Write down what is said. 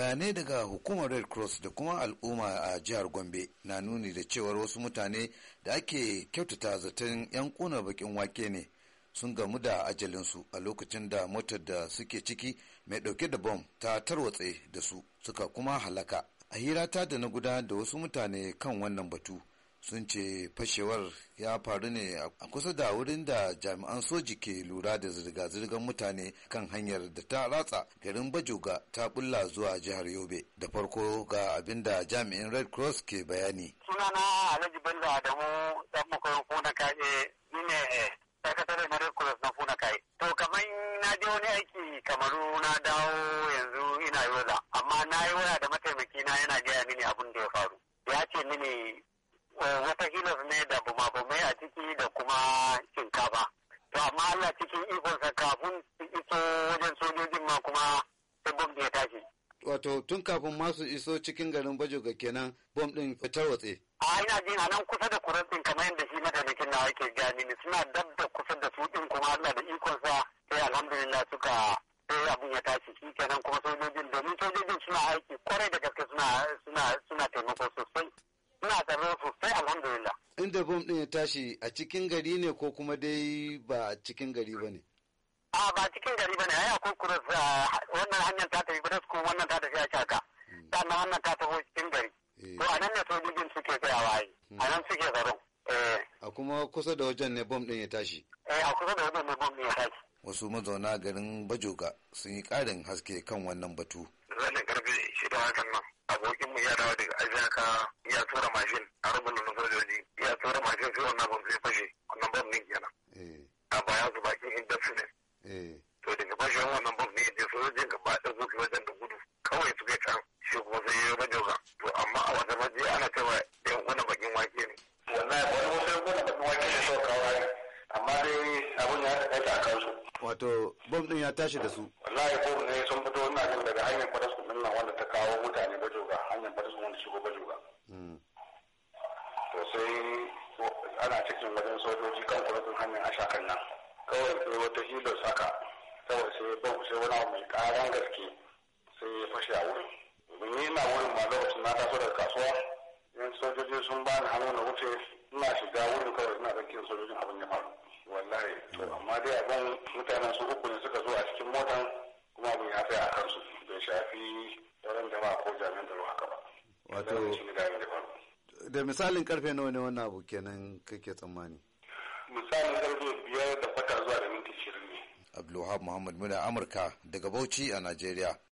bayanai daga hukumar red cross da kuma al'umma a jihar gombe na nuni da cewar wasu mutane da ake kyautata zaton 'yan kuna bakin wake ne sun gamu da ajalinsu a lokacin da motar da suke ciki mai dauke da bom ta tarwatse da su suka kuma halaka a hirata da na guda da wasu mutane kan wannan batu sun ce fashewar ya faru ne a kusa da wurin da jami'an soji ke lura da zirga-zirgar mutane kan hanyar da ta ratsa garin bajoga ta bulla zuwa jihar yobe da farko ga abin da jami'in red cross ke bayani sunana alhaji bello adamu dan makoyin kuna kaje ni ne sakatare na red cross na kuna kai to kamar na je wani aiki kamaru na dawo yanzu ina yola amma na yi waya da mataimaki na yana gaya mini abin da ya faru ya ce mini Eh, wata hilas ne da bumabumai a ciki da kuma shinkafa to amma Allah cikin ikonsa kafin su iso wajen sojojin ma kuma sai bom ya tashi wato tun kafin ma su iso cikin garin bajoga kenan bom din fitar watse a ina jin a nan kusa da kurantin kamar yadda shi mataimakin na yake gani ni suna dab da kusa da su din kuma Allah da ikonsa sai alhamdulillah suka sai abin ya tashi shi kenan kuma sojojin domin sojojin suna aiki kwarai da gaske suna suna suna taimako sosai muna tsaro sosai alhamdulillah. Inda bom ɗin ya tashi a cikin gari ne ko kuma dai ba cikin gari ba ne? A ba cikin gari ba ne, ai akwai kuras wannan hanyar ta tafi Bidus ko wannan ta tafi a shaka. Sannan hmm. wannan ta tafi cikin gari. Eh. To a nan ne sojojin suke tsayawa waye, a hmm. nan suke zaro. Eh. A kuma kusa da wajen ne bom ɗin ya tashi? Eh a kusa da wajen ne bom ɗin ya tashi. Wasu mazauna garin Bajoga sun yi ƙarin haske kan wannan batu. Zanen karfe shida hakan nan. abokinmu ya dawo daga ajaka ya tura mashin a rubin na sojoji ya tura mashin sai wannan bam sai fashe wannan bam din kenan eh. a baya su bakin indefinite eh. to daga fashe wannan bam ne da sojojin gaba da zuke wajen da gudu kawai su kai can shi kuma sai ya yi majauka to amma a wata maje ana cewa yan gona bakin wake ne wallahi wani wasu yan gona bakin wake ne so kawai amma dai abun ya taƙaita a kansu wato bom din ya tashi da su wallahi ko ne sun fito wannan daga hanyar kwadasu din nan wanda ta kawo mutane samu shigo ba to sai ana cikin wajen sojoji kan kwamitin hanyar ashakan nan kawai sai wata hilo saka kawai sai ban sai wani abu mai karan gaske sai ya fashe a wurin domin ni na wurin ma lokacin na taso daga kasuwa yan sojoji sun bani hannu na wuce ina shiga wurin kawai ina ɗaukin sojojin abin ya faru wallahi to amma dai abin mutanen su uku ne suka zo a cikin motan kuma abin ya tsaya a kansu bai shafi sauran jama'a ko jami'an tsaro haka ba wato da misalin karfe nawa ne wannan abu kenan kake tsammani misalin karfe biyar da fata zuwa da minti shirin ne abdulwahab muhammad muna amurka daga bauchi a najeriya